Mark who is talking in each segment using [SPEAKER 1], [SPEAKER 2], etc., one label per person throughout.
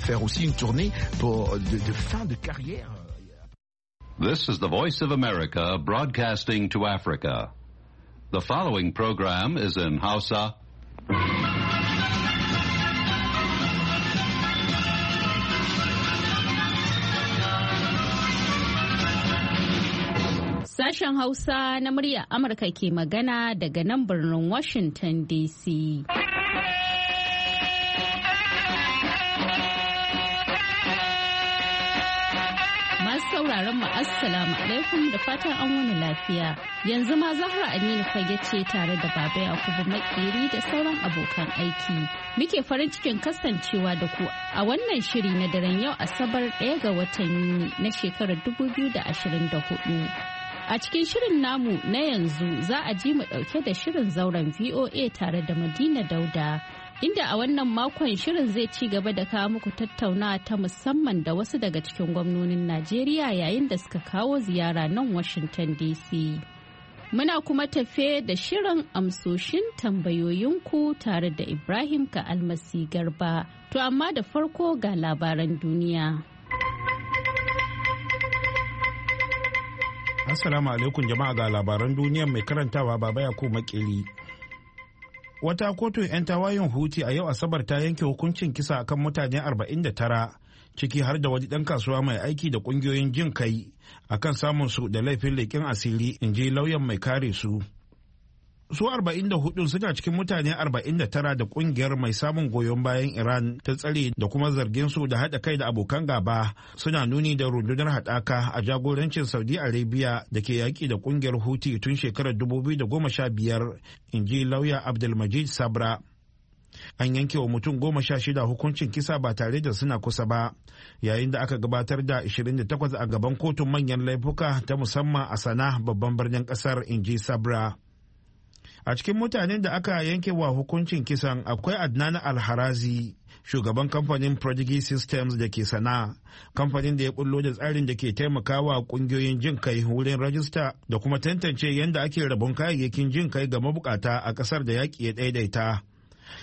[SPEAKER 1] faire aussi une tournée pour euh, de, de fin de carrière.
[SPEAKER 2] This is the Voice of America broadcasting to Africa. The following program is in Hausa.
[SPEAKER 3] Sashen Hausa na murya Amurka ke magana daga nan birnin Washington DC. sauraron mu assalamu alaikum da fatan an wani lafiya. Yanzu ma Zahra Aminu fage ce tare da Baba Yakubu Makeri da sauran abokan aiki. Muke farin cikin kasancewa da ku a wannan shiri na daren yau Asabar ɗaya ga watan Yuni na shekarar da da 2024. A cikin shirin namu na yanzu za a ji mu ɗauke da shirin zauren VOA tare da Madina Dauda. inda a wannan makon shirin zai ci gaba da kawo muku tattaunawa ta musamman da wasu daga cikin gwamnonin Najeriya yayin da suka kawo ziyara nan Washington DC. Muna kuma tafe da shirin amsoshin tambayoyinku tare da Ibrahim ka almasi garba, to amma da farko ga labaran duniya.
[SPEAKER 1] Assalamu alaikum jama'a ga labaran duniya mai karantawa baba ya makili. wata kotun 'yan tawayen huti a yau asabar ta yanke hukuncin kisa kan mutane 49 ciki har da wani ɗan kasuwa mai aiki da ƙungiyoyin jin kai akan samun su da laifin leƙen asiri in ji lauyan mai kare su su 44 suna cikin mutane 49 da kungiyar mai samun goyon bayan iran ta tsare da kuma zargin su da haɗa kai da abokan gaba suna nuni da rundunar haɗaka a jagorancin saudi arabia da ke yaki da kungiyar huti tun shekarar 2015 in ji lauya abdulmajid sabra an yanke wa mutum goma sha shida hukuncin kisa ba tare da suna kusa ba yayin da aka gabatar da 28 a gaban kotun manyan laifuka ta musamman a sana babban birnin kasar in ji sabra a cikin mutanen da aka yanke wa hukuncin kisan akwai adnan alharazi shugaban kamfanin prodigy systems da ke sana kamfanin da ya kullo da tsarin da ke taimakawa kungiyoyin jin kai wurin rajista da kuma tantance yadda ake rabon kayayyakin jin kai ga mabukata a kasar da yaƙi ya daidaita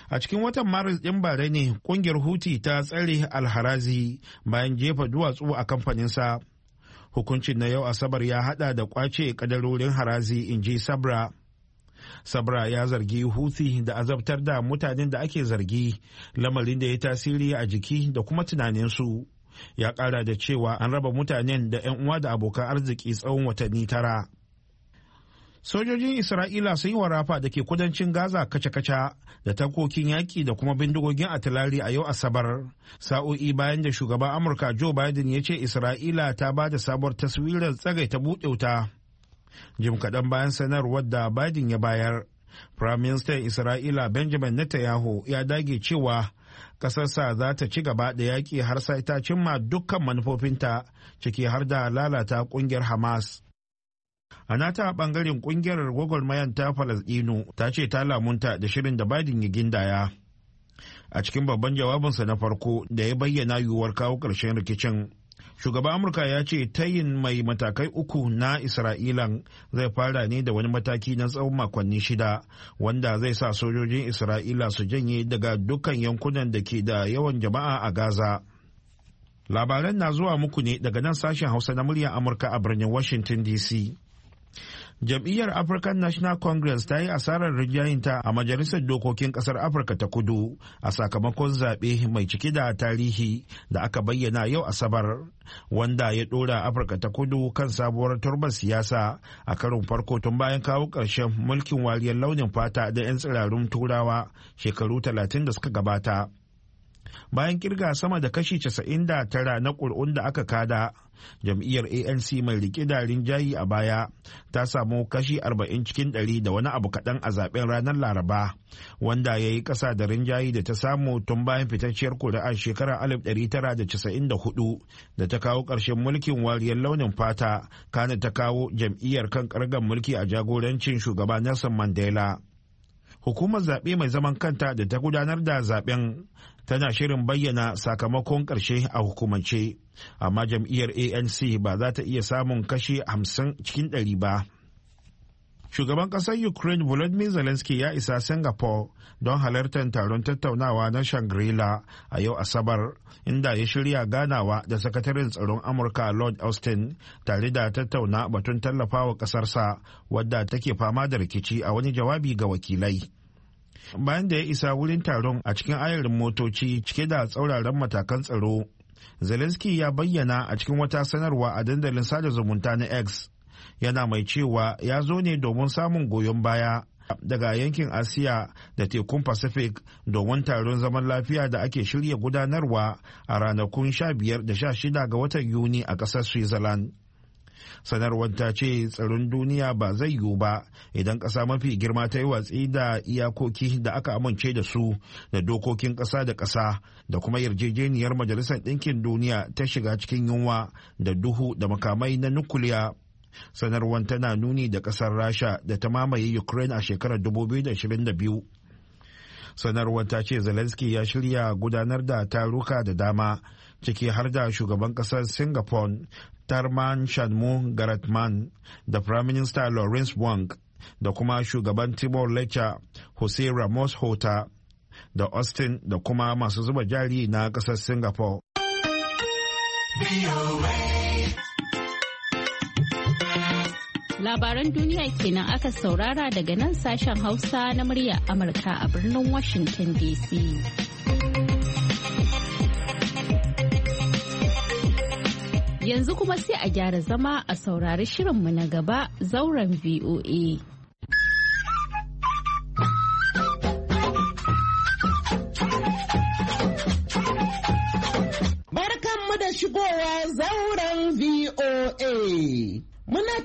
[SPEAKER 1] a cikin watan maris ɗin bare ne kungiyar huti ta tsare alharazi bayan jefa duwatsu a kamfaninsa hukuncin na yau asabar ya haɗa da kwace kadarorin harazi in ji sabra sabra ya zargi huthi da azabtar da mutanen da ake zargi lamarin da ya tasiri a jiki da kuma tunaninsu ya kara da cewa an raba mutanen da 'yan uwa da abokan arziki tsawon watanni tara sojojin isra'ila sun yi warafa da ke kudancin gaza kaca-kaca da takokin yaƙi da kuma bindigogin atilari a yau asabar sa'o'i bayan da shugaban amurka joe biden ya ce isra'ila ta ba da sabuwar taswirar tsagaita buɗe wuta jim kaɗan bayan sanarwar da biden ya bayar Prime Minister isra'ila benjamin netanyahu ya dage cewa ƙasarsa za ta ci gaba da yaƙi har sai ta cimma dukkan manufofinta ciki har da lalata ƙungiyar hamas a nata ɓangaren ƙungiyar mayan ta falasɗinu ta ce ta lamunta da shirin da biden ya gindaya a cikin babban jawabinsa na farko da ya bayyana yiwuwar kawo ƙarshen rikicin shugaban amurka ya ce tayin mai matakai uku na isra'ilan zai fara ne da wani mataki na tsawon makonni shida wanda zai sa sojojin isra'ila su janye daga dukkan yankunan da ke da yawan jama'a a gaza labaran na zuwa muku ne daga nan sashen hausa na muryar amurka a birnin washington dc jam'iyyar african national congress ta yi asarar rinjayinta a majalisar dokokin kasar afirka ta kudu a sakamakon zaɓe mai ciki da tarihi da aka bayyana yau asabar wanda ya ɗora afirka ta kudu kan sabuwar turbar siyasa a karin farko tun bayan kawo ƙarshen mulkin wariyar launin fata da 'yan tsirarun turawa shekaru 30 da suka gabata bayan kirga sama da kashi 99 na ƙuri'un da aka kada jam'iyyar anc mai rike da rinjayi a baya ta samu kashi 40 cikin 100 da wani abu kaɗan a zaben ranar laraba wanda ya yi ƙasa da rinjayi da ta samu tun bayan fitacciyar kuri'a shekarar 1994 da ta kawo ƙarshen mulkin wariyar launin fata kana ta kawo jam'iyyar kan ƙargan mulki a jagorancin shugaba nelson mandela hukumar zaɓe mai zaman kanta da ta gudanar da zaɓen tana shirin bayyana sakamakon ƙarshe a hukumance amma jam'iyyar anc ba za ta iya samun kashe hamsin cikin 100 ba shugaban ƙasar ukraine volodymyr zelensky ya isa singapore don halartar taron tattaunawa na shangri a yau asabar inda ya shirya ganawa da sakataren tsaron amurka lord austin tare da tattauna batun tallafawa ƙasarsa wadda take fama da rikici a wani jawabi ga wakilai bayan da ya isa wurin taron a cikin ayarin motoci cike da tsauraran matakan tsaro zelensky ya bayyana a cikin wata sanarwa a dandalin sada zumunta na x yana mai cewa ya zo ne domin samun goyon baya daga yankin asiya da tekun pacific domin taron zaman lafiya da ake shirya gudanarwa a ranakun 15 da 16 ga watan yuni a ƙasar switzerland sanarwar ta ce tsaron duniya ba zai yiwu ba idan ƙasa mafi girma ta yi watsi da iyakoki da aka amince da su da dokokin ƙasa da ƙasa da kuma yarjejeniyar majalisar ɗinkin duniya ta shiga cikin yunwa da duhu da makamai na nukuliya sanarwar tana nuni da ƙasar rasha da ta mamaye ukraine a shekarar 2022 sanarwar ta ce zelensky ya shirya gudanar da taruka da dama ciki har da shugaban kasar singapore tarman shanmu garatman da prime minister lawrence wang da kuma shugaban timor leste jose ramos hota da austin da kuma masu zuba jari na ƙasar singapore
[SPEAKER 3] labaran duniya kenan aka saurara daga nan sashen hausa na murya amurka a birnin washington dc Yanzu kuma sai a gyara zama a saurari shirin mu na gaba zauren VOA.
[SPEAKER 2] Barkanmu da shigowa zauren VOA. Muna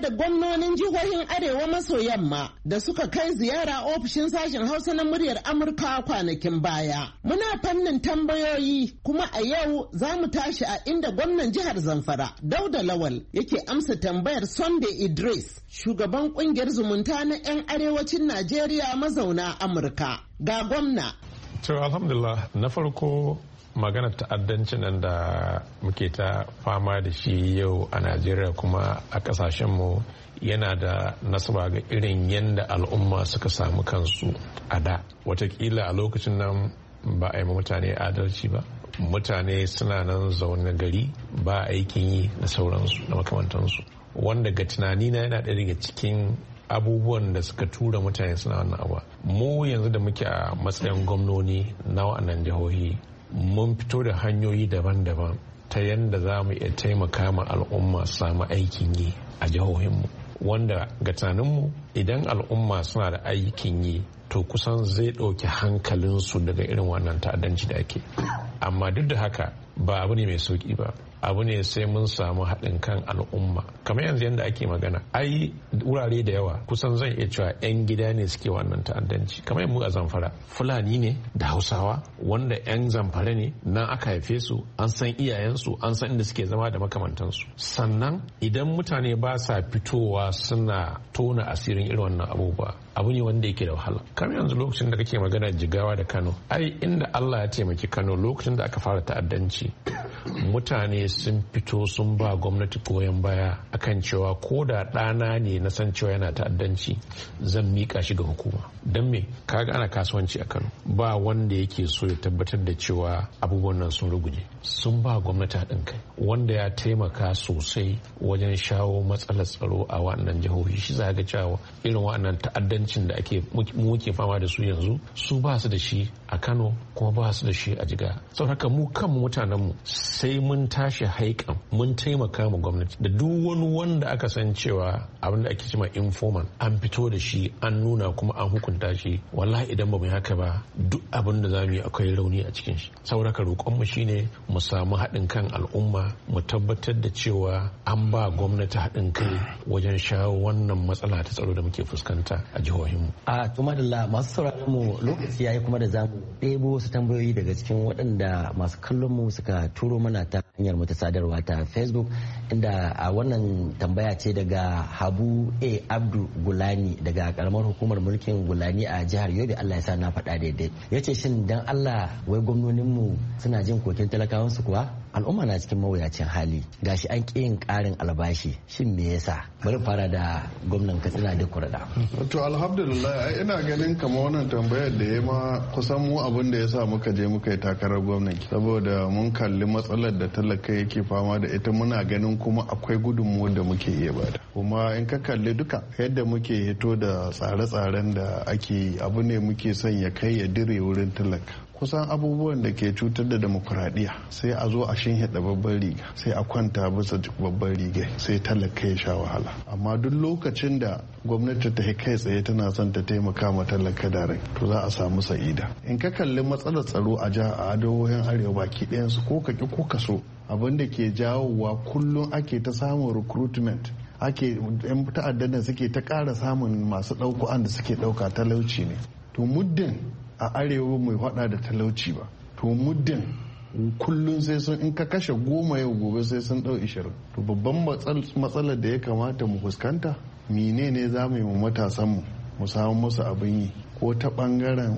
[SPEAKER 2] da gwamnonin jihohin Arewa maso yamma da suka kai ziyara ofishin sashen Hausa na muryar Amurka kwanakin baya. Muna fannin tambayoyi kuma a yau za mu tashi a inda gwamnan jihar Zamfara Dauda Lawal yake amsa tambayar Sunday Idris shugaban kungiyar zumunta na 'yan arewacin Najeriya mazauna Amurka. Ga gwamna.
[SPEAKER 4] To alhamdulillah na farko maganar ta'addanci nan da muke ta fama da shi yau a najeriya kuma a kasashenmu yana da nasaba ga irin yadda al'umma suka samu kansu a da watakila a lokacin nan ba a yi mutane adalci ba mutane suna nan zaune gari ba aikin yi na sauransu na makamantansu wanda ga tunani na yana ɗaya daga cikin abubuwan da suka tura mutane suna wannan abuwa mu yanzu da muke a matsayin gwamnoni na wa'annan jihohi mun fito da hanyoyi daban-daban ta yadda za mu iya taimaka ma al'umma samu aikin yi a jihohinmu wanda ga tunaninmu idan al'umma suna da aikin yi to kusan zai ɗauki hankalinsu daga irin wannan ta'addanci da ake amma duk da haka ba abu ne mai sauƙi ba abu ne sai mun samu haɗin kan al'umma kamar yanzu yadda ake magana ai wurare da yawa kusan zan iya cewa 'yan gida ne suke wannan ta'addanci kamar mu a zamfara fulani ne da hausawa wanda 'yan zamfara ne nan aka haife su an san iyayensu an san inda suke zama da makamantansu sannan idan mutane ba sa fitowa suna tona asirin irin wannan abubuwa abu ne wanda yake da wahala kamar yanzu lokacin da kake magana jigawa da kano ai inda allah ya taimaki kano lokacin da aka fara ta'addanci mutane sun fito sun ba gwamnati goyon baya akan cewa ko da ɗana ne na san cewa yana ta'addanci zan miƙa shi ga hukuma don me kaga ana kasuwanci a kano ba wanda yake so ya tabbatar da cewa abubuwan nan sun ruguje sun ba gwamnati haɗin kai wanda ya taimaka sosai wajen shawo matsalar tsaro a waɗannan jihohi shi za ga cewa irin waɗannan ta'addanci yancin da ake muke fama da su yanzu su ba su da shi a kano kuma ba su da shi a jiga sau haka mu kan mutanenmu sai mun tashi haikan mun taimaka ma gwamnati da duk wani wanda aka san cewa abin da ake cima informal an fito da shi an nuna kuma an hukunta shi wallahi idan ba mu haka ba duk abin da za mu yi akwai rauni a cikin shi sau haka roƙonmu shine mu samu haɗin kan al'umma mu tabbatar da cewa an ba gwamnati haɗin kai wajen shawo wannan matsala ta tsaro da muke fuskanta a jihohinmu.
[SPEAKER 5] A da masu sauraron mu lokaci yayi kuma da zamu ɗebo wasu tambayoyi daga cikin waɗanda masu kallon mu suka turo mana ta hanyar mu ta sadarwa ta Facebook inda a wannan tambaya ce daga Habu A Abdu Gulani daga karamar hukumar mulkin Gulani a jihar Yobe Allah ya sa na faɗa daidai. ya ce shin dan Allah wai gwamnonin mu suna jin kokin talakawansu kuwa? al'umma na cikin mawuyacin hali ga shi an ƙi yin ƙarin albashi shin me yasa bari fara da gwamnan katsina da kurada
[SPEAKER 6] to alhamdulillah ina ganin kamar wannan tambayar da ya ma kusan mu abin da yasa muka je muka yi takarar gwamnati saboda mun kalli matsalar da talaka yake fama da ita muna ganin kuma akwai gudunmuwar da muke iya bada kuma in ka kalli duka yadda muke hito da tsare-tsaren da ake abu ne muke son ya kai ya dire wurin talaka kusan abubuwan da ke cutar da demokuraɗiyya sai a zo a shinhiɗa babban riga sai a kwanta bisa babban riga sai talaka ya sha wahala amma duk lokacin da gwamnati ta kai tsaye tana son ta taimaka ma talaka da rai to za a samu sa'ida in ka kalli matsalar tsaro a jiha a adawoyin arewa baki ɗayansu ko ka ki ko ka so abin da ke jawowa kullum ake ta samun recruitment ake yan ta'addan suke ta ƙara samun masu ɗauko da suke ɗauka talauci ne to muddin a arewa mai hada da talauci ba to muddin kullum sai sun in ka kashe goma yau gobe sai sun dau ishirin to babban matsalar da ya kamata mu fuskanta menene za mu yi mu matasanmu mu samu musu abin yi ko ta bangaren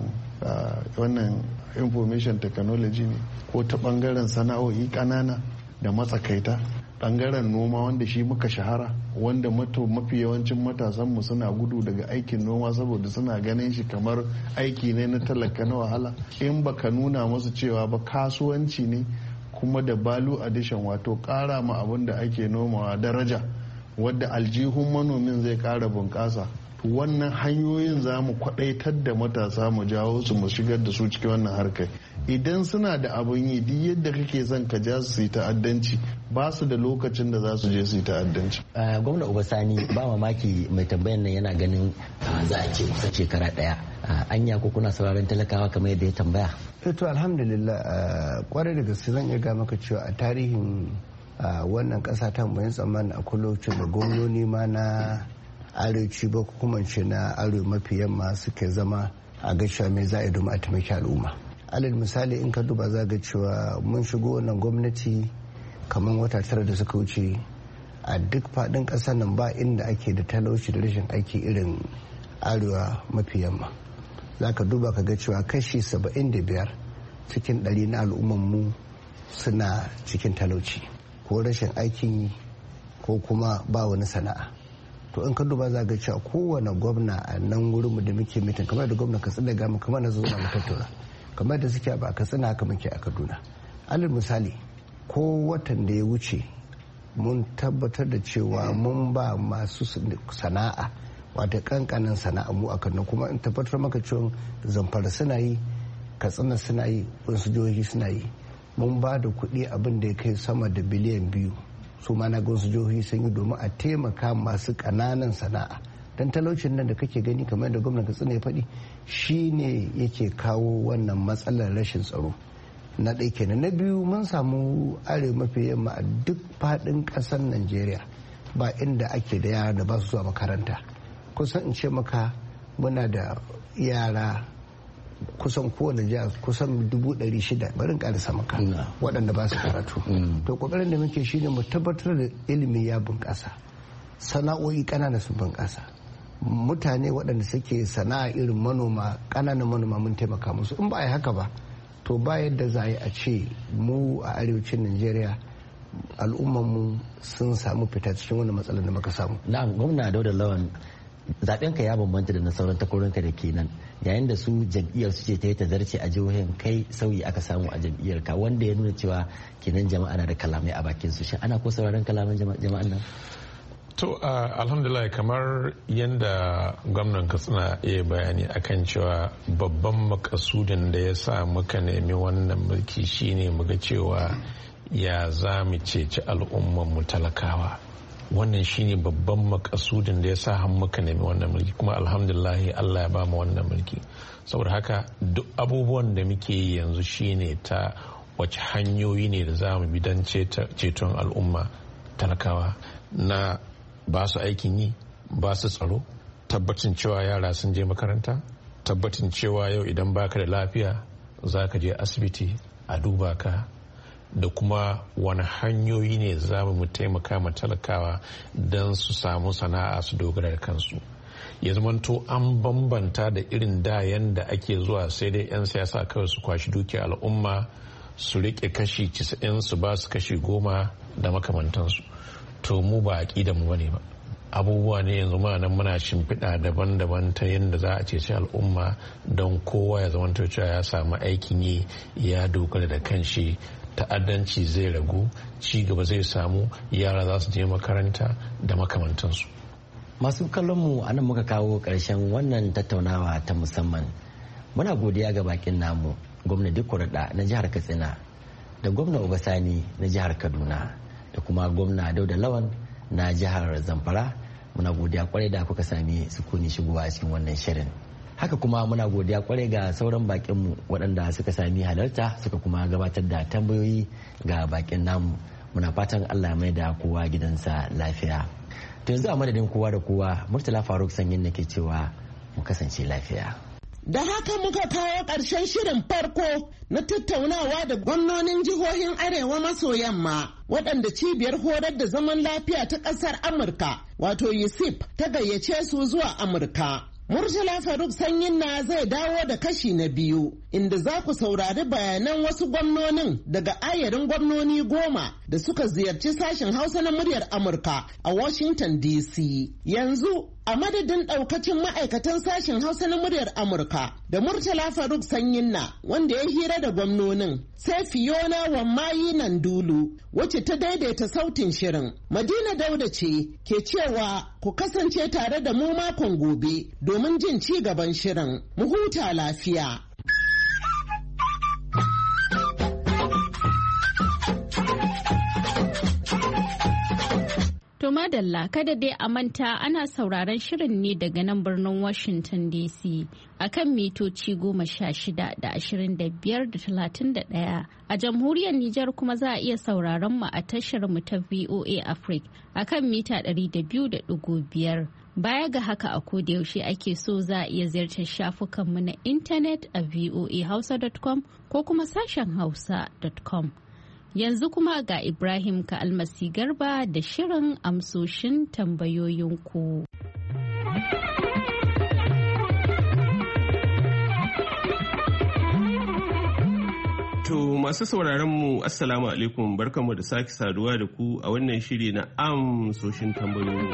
[SPEAKER 6] wannan information technology ne ko ta bangaren sana'o'i kanana da matsakaita bangaren noma wanda shi muka shahara wanda mato mafi yawancin matasanmu suna gudu daga aikin noma saboda suna ganin shi kamar aiki ne na talaka na wahala in baka nuna musu cewa ba kasuwanci ne kuma da balu addition wato kara ma abin da ake nomawa daraja wadda aljihun manomin zai kara bunƙasa wannan hanyoyin za mu kwadaitar da matasa mu jawo su mu shigar da su cikin wannan harkar idan suna da abin yi duk yadda kake son ka ja su yi ta'addanci ba su da lokacin da za su je su yi ta'addanci.
[SPEAKER 5] gwamna Sani ba mamaki mai tambayan nan yana ganin za a ce kusa shekara daya anya ko kuna sauraron talakawa kamar yadda ya tambaya.
[SPEAKER 7] Eh, to alhamdulillah kwarai da gaske zan iya ga maka cewa a tarihin wannan kasa ta mu tsammanin a lokacin da gwamnoni ma na arewaci ba kuma ce na arewa mafi yamma suke zama a gasha mai za a domin a taimaki al'umma. alal misali in ka duba za ga cewa mun shigo wannan gwamnati kamar wata tara da suka wuce a duk faɗin ƙasar nan ba inda ake da talauci da rashin aiki irin arewa mafi yamma za ka duba ka ga cewa kashi 75 cikin ɗari na al'ummar mu suna cikin talauci ko rashin aiki ko kuma ba wani sana'a to in ka duba za ga cewa kowane gwamna a nan wurinmu da muke mitin kamar da gwamna katsina gama kamar na zuwa mu tattauna kamar da suke ba katsina haka muke a kaduna alal misali ko watan da ya wuce mun tabbatar da cewa mun ba masu sana'a wata kankanin sana'a mu a kaduna kuma in tabbatar maka cewa zamfara suna yi katsina suna yi wasu jihohi suna yi mun ba da kuɗi abin da ya kai sama da biliyan biyu su ma na ga jihohi sun yi domin a taimaka masu ƙananan sana'a don talaucin nan da kake gani kamar da gwamnan katsina ya faɗi shi ne yake kawo wannan matsalar rashin tsaro na ɗaike na biyu mun samu are mafi yamma a duk faɗin ƙasar najeriya ba inda ake da yara da ba su zuwa makaranta kusan in ce maka muna da yara kusan kowane jiha kusan dubu ɗari shida barin ƙarisa maka waɗanda ba su karatu mm. to ƙoƙarin da muke shine mu tabbatar da ilimi ya bunƙasa sana'o'i ƙanana su bunƙasa mutane waɗanda suke sana'a irin manoma ƙananan manoma mun taimaka musu in ba a yi haka ba to ba yadda za a yi ce
[SPEAKER 5] mu a arewacin najeriya al'ummanmu sun samu fita cikin wani matsalar da muka samu na'am gwamna dauda lawan zaben ka ya bambanta da na sauran takwarorinka da kenan yayin da su jam'iyyar su ce ta yi ta zarce a jihohin kai sauyi aka samu a jam'iyyar ka wanda ya nuna cewa kenan jama'a na da kalamai a bakin su shi ana ko sauraron kalaman jama'an nan
[SPEAKER 4] To alhamdulillah kamar yadda gwamnan katsina iya bayani akan cewa babban makasudin da ya sa muka nemi wannan mulki shine muga cewa ya za mu ceci mu talakawa wannan shine babban makasudin da ya sa muka nemi wannan mulki kuma alhamdulillah allah ya ba mu wannan mulki saboda haka duk abubuwan da muke yi yanzu shine ta wace hanyoyi ne da za mu bi don ceton al'umma talakawa na ba su aikin yi ba su tsaro tabbacin cewa yara sun je makaranta tabbacin cewa yau idan baka da lafiya za ka je asibiti a duba ka da kuma wani hanyoyi ne za mu taimaka ma talakawa don su samu sana'a su dogara da kansu ya zamanto an bambanta da irin dayan da ake zuwa sai dai 'yan siyasa kawai su kwashi dukiya al'umma su riƙe kashi 90 su ba su kashi goma da makamantansu to mu ba da mu bane ba abubuwa ne yanzu muna nan muna shimfiɗa daban-daban ta yadda za a ceci al'umma don kowa ya zama cewa ya samu aikin yi ya dogara da kanshi ta'addanci zai ragu ci gaba zai samu yara za su je makaranta da makamantansu
[SPEAKER 5] masu kallonmu a nan muka kawo ƙarshen wannan tattaunawa ta musamman muna godiya ga bakin namu gwamna dikuraɗa na jihar katsina da gwamna obasani na jihar kaduna da kuma gwamna dauda lawan na jihar zamfara muna godiya kwarai da kuka sami sukuni shigowa cikin wannan shirin haka kuma muna godiya kwarai ga sauran bakinmu waɗanda suka sami halarta suka kuma gabatar da tambayoyi ga bakin namu muna fatan allah mai da kowa gidansa lafiya to yanzu a madadin kowa da kowa murtala faruk sanyin nake cewa mu kasance lafiya
[SPEAKER 2] Da haka muka kawo ƙarshen shirin farko na tattaunawa da gwamnonin jihohin Arewa maso yamma waɗanda cibiyar horar da zaman lafiya ta ƙasar Amurka wato USIP ta gayyace su zuwa Amurka. Murtala Faruk Sanyin na zai dawo da kashi na biyu inda za ku saurari bayanan wasu gwamnonin daga ayarin gwamnoni goma da suka ziyarci sashen Hausa na muryar Amurka a Washington DC. Yanzu a madadin daukacin ma'aikatan sashen hausa na muryar amurka da murtala faruk sanyin na wanda ya hira da gwamnonin sai fiona wammayi nan dulu wacce ta daidaita sautin shirin madina dauda ce ke cewa ku kasance tare da mu makon gobe domin jin ci gaban shirin mu huta lafiya
[SPEAKER 3] To madalla kada dai a manta ana sauraron shirin ne daga nan birnin Washington DC a kan mitoci goma sha shida da ashirin da biyar da talatin da ɗaya. A jamhuriyar Nijar kuma za a iya sauraron mu a tashar mu ta VOA Africa a kan mita ɗari da biyu da ɗigo biyar. Baya ga haka a yaushe ake so za a iya ziyartar shafukanmu na intanet a voahausa.com ko kuma sashen hausa.com. Yanzu kuma ga Ibrahim ka almasi garba da shirin amsoshin tambayoyinku.
[SPEAKER 8] To masu sauraron mu Assalamu alaikum barkanmu da sake saduwa da ku a wannan shiri na amsoshin tambayoyi.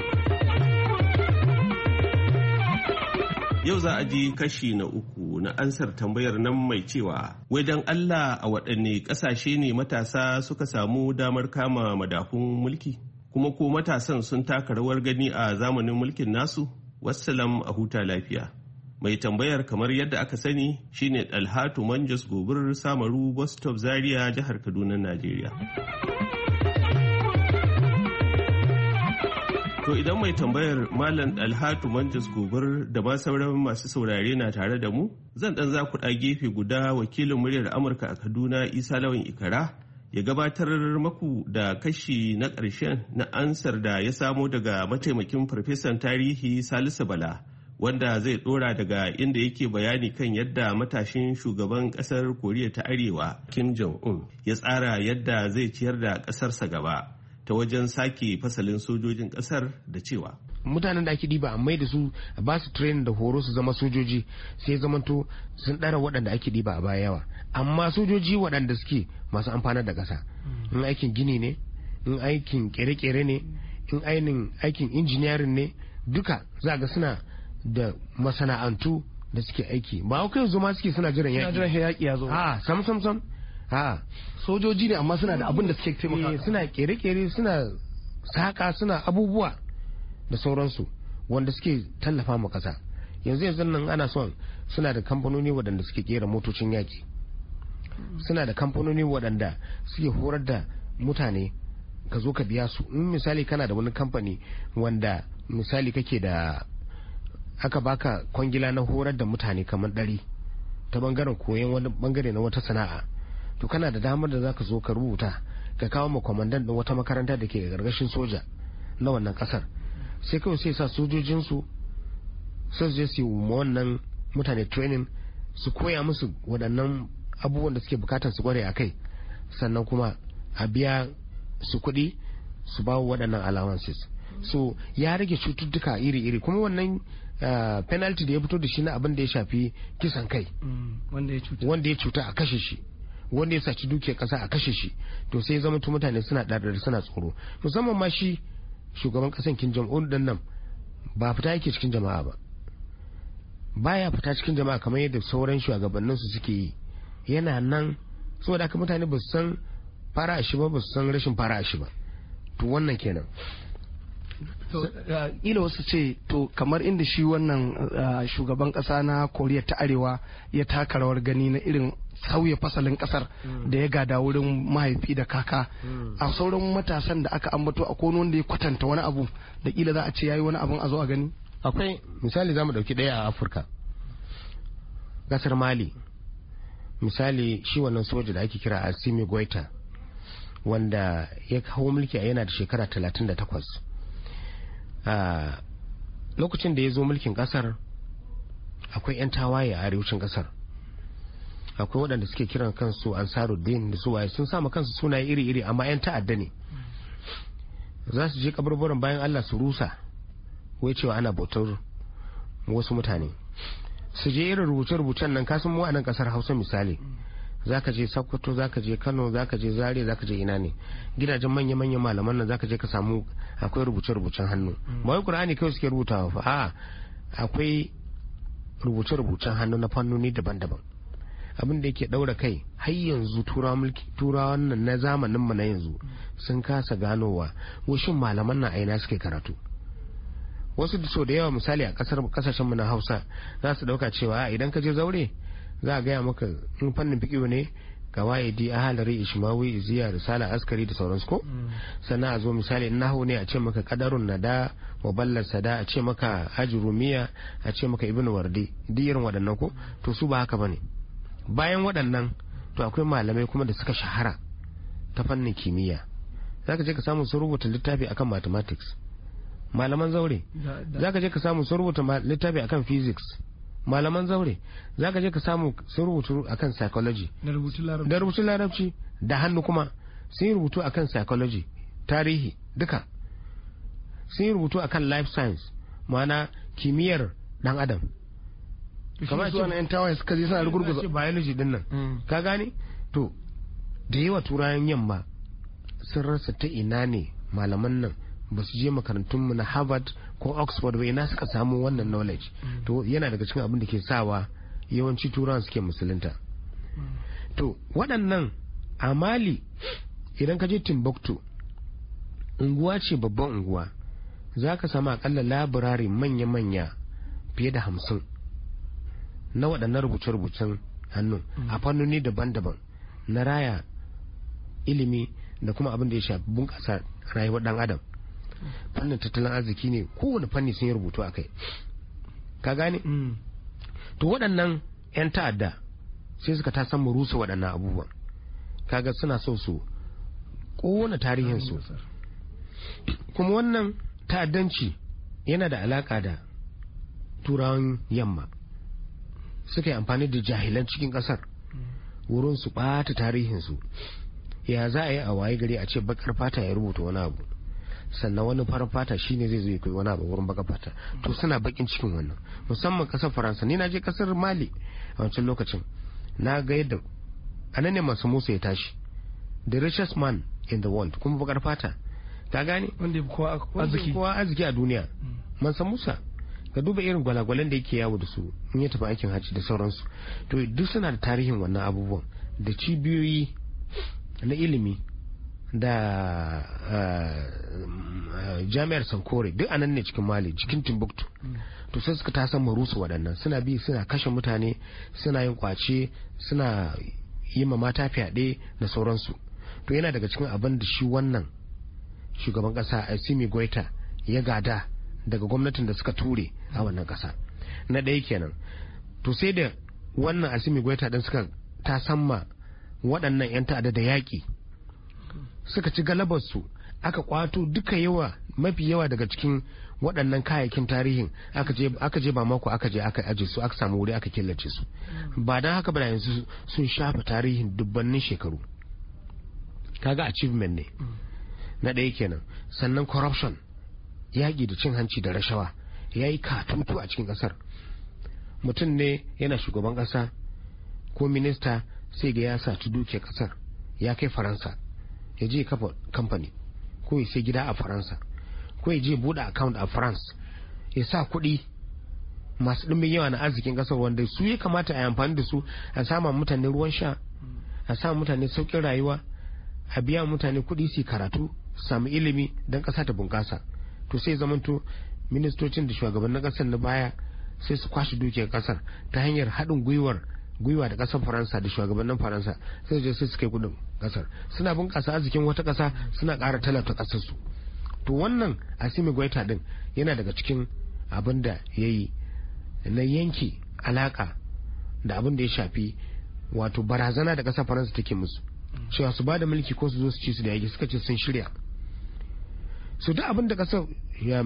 [SPEAKER 8] Yau za a ji kashi na uku na ansar tambayar nan mai cewa wai don Allah a waɗanne ƙasashe ne matasa suka samu damar kama madafun mulki kuma ko matasan sun taka rawar gani a zamanin mulkin nasu wassalam a huta lafiya mai tambayar kamar yadda aka sani shine dalhatu manjus gobir samaru bus stop zaria jihar kaduna najeriya To idan mai tambayar Malam Alhatu Manjas Gobar da ma sauran masu saurare na tare da mu, zan ɗan za ku gefe guda wakilin muryar Amurka a Kaduna Isa Lawan Ikara ya gabatar maku da kashi na ƙarshen na ansar da ya samo daga mataimakin farfesan tarihi Salisu Bala, wanda zai ɗora daga inda yake bayani kan yadda matashin shugaban ƙasar Koriya ta Arewa Kim Jong-un ya tsara yadda zai ciyar da ƙasarsa gaba. ta wajen sake fasalin sojojin kasar da
[SPEAKER 9] cewa mutanen da ake diba a mai da su ba su train da horo su zama sojoji sai zamanto sun ɗara waɗanda ake diba a baya yawa amma sojoji waɗanda suke masu amfana da ƙasa in aikin gini ne in aikin kere-kere ne in ainin aikin injiniyarin ne duka za ga suna da masana'antu da suke aiki ba kai zuma suke suna jiran yaƙi ya zo ah, sam sam sam ha sojoji ne amma suna da abin da suke taimaka eh, suna kere-kere suna saka suna abubuwa da sauransu wanda suke tallafa ma kasa yanzu yanzu nan ana son suna da kamfanoni waɗanda suke kera motocin yaki suna da kamfanoni waɗanda suke horar da mutane ka zo ka biya su in misali kana da wani kamfani wanda misali kake da aka baka kwangila na horar da mutane kamar ɗari ta bangaren koyon wani bangare na wata sana'a to kana da damar da zaka zo ka rubuta ka kawo ma kwamandan din wata makaranta da ke gargashin soja na wannan kasar sai kawai sai sa sojojinsu sai je su yi wannan mutane training su koya musu waɗannan abubuwan da suke bukatar su gware a kai sannan kuma a biya su kuɗi su bawo waɗannan allowances so ya rage cututtuka iri-iri kuma wannan eh, penalty da ya fito da shi na abin da ya shafi kisan kai mm, wanda ya cuta a kashe shi wanda ya saci dukiyar kasa a kashe shi to sai ya zama mutane suna ɗaɗar suna tsoro musamman ma shi shugaban kasan kin jam'un dan nan ba fita yake cikin jama'a ba baya fita cikin jama'a kamar yadda sauran shugabannin su suke yi yana nan saboda haka mutane ba su san fara shi ba ba su san rashin fara shi ba to wannan kenan uh, ila wasu ce to kamar inda shi wannan uh, shugaban kasa na koriya ta arewa ya taka rawar gani na irin sauya fasalin kasar mm. da ya gada wurin mahaifi da kaka mm. a sauran matasan da aka ambato a kono wanda ya kwatanta wani abu da kila za a ce yayi wani abun a zo a gani akwai misali za mu ɗauki ɗaya a afirka gasar mali misali shi wannan soja da ake kira asimi goita wanda ya kawo mulki a yana da shekara 38 lokacin da ya zo mulkin kasar akwai 'yan tawaye a arewacin kasar akwai waɗanda suke kiran kansu ansaruddin da su waye sun sama kansu sunaye iri-iri amma 'yan ta'adda ne za su je kaburburan bayan allah su rusa wai cewa ana bautar wasu mutane su je irin rubuce-rubucen nan kasan mu a nan kasar hausa misali zaka je sokoto zaka je kano zaka je zare zaka je ina ne gidajen manya-manyan malaman nan zaka je ka samu akwai rubuce-rubucen hannu mm. ba wai qur'ani kawai suke rubutawa fa a akwai rubuce-rubucen hannu na fannoni daban-daban abin da yake daura kai har yanzu tura mulki turawan nan na zamanin mu na yanzu sun kasa ganowa wushin malaman na aina suke karatu wasu so da yawa misali a kasar kasashen mu na Hausa za su dauka cewa idan ka je zaure za a gaya maka in fannin fiƙiyo ne ga gawaidi ahalari ishmawi iziya risala askari da sauransu ko mm. sannan a zo misali in nahu ne a ce maka kadarun nada wa ballar sada a ce maka hajji rumiya a ce maka ibn wardi diyar wadannan ko to su ba haka bane bayan waɗannan to akwai malamai kuma da suka shahara ta fannin kimiyya za ka je ka samu sun rubuta littafi akan mathematics malaman zaure za ka je ka samu sun rubuta littafi akan physics malaman zaure za ka je ka samu sun rubutu akan psychology da rubutu larabci da hannu kuma sun yi rubutu akan psychology tarihi duka sun yi rubutu akan life science ma'ana kimiyyar dan adam kamar su yan
[SPEAKER 6] tawaye suka je suna rugurguza
[SPEAKER 9] biology din nan mm. ka gane to da yawa turayen yamma sun rasa ta ina ne malaman nan ba su je makarantunmu na harvard ko oxford ba ina suka samu wannan knowledge mm. to yana daga cikin abin da ke sawa yawanci turawan suke musulunta mm. to waɗannan a mali idan ka je timbuktu unguwa ce babban unguwa za ka samu akalla labirari manya-manya fiye da hamsin na waɗannan rubuce-rubucen hannu a mm. fannoni daban-daban na raya ilimi da kuma abin da ya shafi bunƙasa rayuwar ɗan adam fannin tattalin arziki ne kowane fanni sun yi rubutu a kai ka gane mm. to waɗannan 'yan ta'adda sai suka ta san rusa waɗannan abubuwan kaga suna so su kowane tarihin kuma wannan ta'addanci yana da alaƙa da turawan yamma suka yi amfani da jahilan cikin kasar wurin su bata tarihinsu ya za a yi a waye gari a ce bakar fata ya rubuta wani abu sannan wani farin fata shine zai zo ya wani abu wurin bakar fata to suna bakin cikin wannan musamman kasar faransa ni na je kasar mali a wancan lokacin na ga yadda a nan ne masu musa ya tashi the richest man in the world kuma bakar fata ta gane wanda kowa arziki a duniya hmm. mansa musa ka duba irin gwalagwalan da yake yawo da su in ya tafi aikin hajji da sauransu to duk suna da tarihin wannan abubuwan da cibiyoyi na ilimi da eh, jami'ar sankore duk anan ne cikin mali cikin timbuktu mm. to sai suka tasan marusu waɗannan suna bi suna kashe mutane suna yin kwace suna yi ma mata fyaɗe da sauransu to yana daga cikin abin da shi wannan shugaban ƙasa asimi goita ya gada daga gwamnatin da suka ture a wannan kasa na ɗaya kenan to sai da wannan asimi gwaita ɗin suka ta samma waɗannan 'yan ta'adda da yaƙi suka ci galabarsu aka kwato duka yawa mafi yawa daga cikin waɗannan kayayyakin tarihin aka je ba mako aka je aka aje su aka samu wuri aka killace su mm. ba don haka ba yanzu sun shafa tarihin dubbannin shekaru kaga achievement ne mm. na ɗaya kenan sannan corruption yaƙi da cin hanci da rashawa ya yi katutu a cikin kasar mutum ne yana shugaban kasa ko minista sai ga ya saci dukiyar kasar ya kai faransa ya je kafa kamfani ko ya sai gida a faransa ko ya je buɗe account a france ya sa kuɗi masu ɗumbin yawa na arzikin kasar wanda su ya kamata a yi amfani da su a sama mutane ruwan sha a sa mutane sauƙin rayuwa a biya mutane kuɗi su karatu samu ilimi don ƙasa ta bunƙasa to sai zamanto ministocin da shugabannin kasar na baya sai su kwashe dukiyar kasar ta hanyar haɗin gwiwar gwiwa da kasar faransa da shugabannin faransa sai je sai su kai kudin kasar suna bunƙasa arzikin wata ƙasa suna ƙara talata ƙasar su to wannan asimi gwaita din yana daga cikin abin da ya yi na yanke alaƙa da abin da ya shafi wato barazana da ƙasar faransa take musu cewa su ba da mulki ko su zo su ci su da yaƙi suka ce sun shirya su duk abin da kasar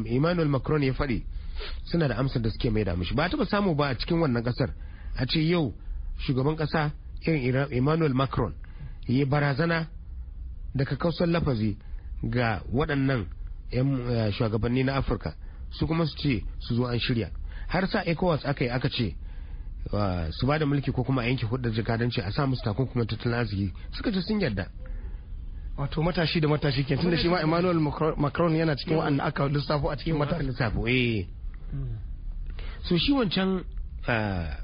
[SPEAKER 9] emmanuel macron ya faɗi suna da amsar da suke mai da mishi ba taɓa samu ba a cikin wannan kasar a ce yau shugaban kasa irin emmanuel macron ya barazana daga kakkausar lafazi ga waɗannan 'yan eh, shugabanni na afirka su kuma su ce su zo an shirya har sa ecowas aka yi aka ce su ba da mulki ko kuma a yanke hudar jikadanci a sa musu takunkumin tattalin arziki suka ce sun yarda wato matashi da matashi ke tunda shi ma Emmanuel Macron yana cikin mm. wa'anda aka lissafo a cikin matashi lissafo eh mm. so shi wancan ah,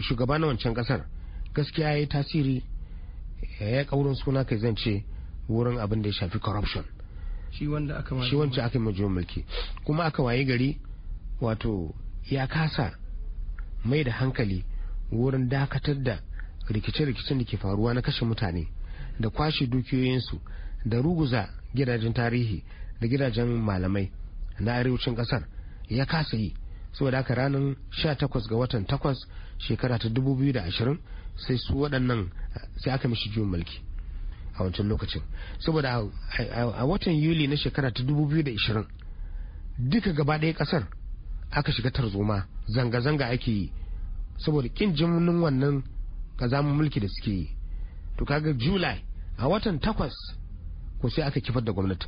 [SPEAKER 9] shugaba na wancan kasar gaskiya ya yi tasiri ya kaurin suna kai zan ce wurin abin da ya shafi corruption shi wanda aka shi wancan aka yi mulki kuma aka waye gari wato ya kasa mai da hankali wurin dakatar da rikice-rikicen da ke faruwa na kashe mutane da kwashe dukiyoyinsu da ruguza gidajen tarihi da gidajen malamai na arewacin kasar ya kasa yi saboda haka ranar 18 ga watan 8 shekara ta 2020 sai su waɗannan sai aka mishi juyin mulki a wancan lokacin saboda a watan yuli na shekara ta 2020 duka gaba ɗaya ƙasar aka shiga tarzoma zanga-zanga ake yi saboda kin jimunin wannan kazamin mulki da suke yi to kaga july a watan takwas ko sai aka kifar da gwamnati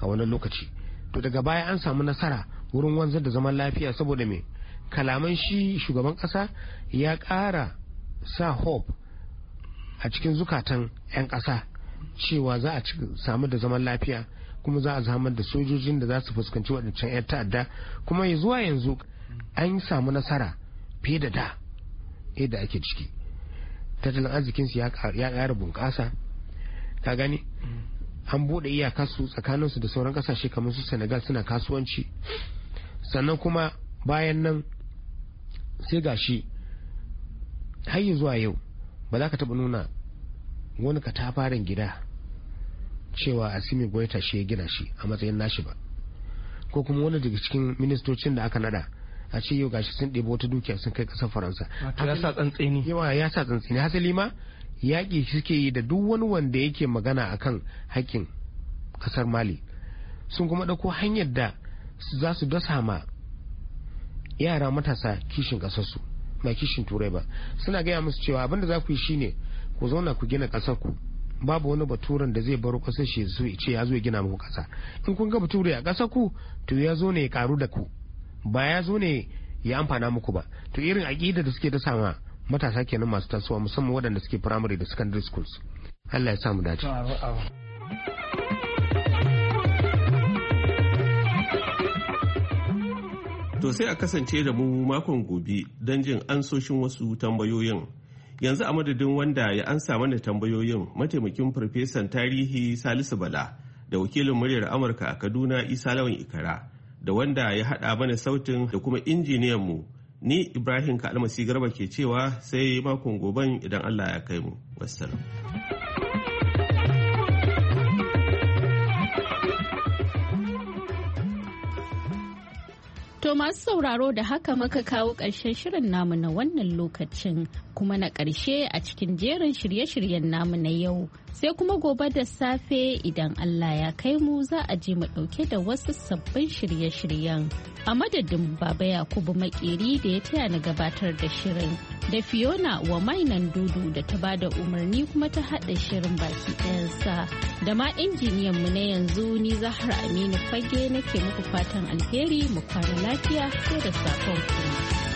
[SPEAKER 9] a wannan lokaci to daga baya an samu nasara wurin wanzar da zaman lafiya saboda me kalaman shi shugaban kasa ya kara sa hope a cikin zukatan 'yan kasa cewa za a samu da zaman lafiya kuma za a samar da sojojin da za su fuskanci waɗancan 'yan ta'adda kuma zuwa yanzu an samu nasara fiye da da yadda ake ciki tattalin arzikinsu ya ƙara bunƙasa ka gani mm. an buɗe iyaka su tsakaninsu da sauran ƙasashe kamar su senegal suna kasuwanci sannan kuma bayan nan sai gashi har zuwa yau ba za ka taɓa nuna wani katafaren gida cewa asimi goita shi ya gina shi a matsayin nashi ba ko kuma wani daga cikin ministocin da aka nada a ce yau gashi sun ɗebo wata dukiya sun kai ƙasar faransa ya sa tsantsini yawa ya sa hasali ma yaƙi suke yi da duk wani wanda yake magana akan haƙƙin ƙasar mali sun kuma ɗauko hanyar da za su dasa ma yara matasa kishin ƙasarsu mai kishin turai ba suna gaya musu cewa abinda za ku yi shine ku zauna ku gina ƙasar ku babu wani baturen da zai baro ƙasar shi ce ya zo ya gina muku ƙasa in kun ga bature a ƙasarku ku to ya zo ne ya karu da ku ba ya zo ne ya amfana muku ba to irin aƙida da suke ta sama matasa kenan masu tasowa musamman waɗanda suke primary da secondary schools Allah ya sa mu dace
[SPEAKER 8] To sai a kasance da mu makon gobe don jin ansoshin wasu tambayoyin. Yanzu a madadin wanda ya ansa mana tambayoyin mataimakin farfesan tarihi Salisu Bala da wakilin muryar Amurka a Kaduna Isa Lawan Ikara. da wanda ya haɗa mana sautin da kuma injiniyan mu ni ibrahim kalmasi garba ke cewa sai makon goben idan allah ya kai mu wassalam
[SPEAKER 3] To masu sauraro da haka muka kawo ƙarshen shirin namu na wannan lokacin kuma na ƙarshe a cikin jerin shirye-shiryen namu na yau sai kuma gobe da safe idan Allah ya kai mu za a je mu ɗauke da wasu sabbin shirye-shiryen a madadin baba yakubu makeri da ya taya na gabatar da shirin da fiona wa mainan dudu da ta ba da umarni kuma ta haɗa shirin baki ɗayansa da ma injiniyan mu na yanzu ni zahra aminu fage nake muku fatan alheri mu kwana lafiya sai da sakon kuma.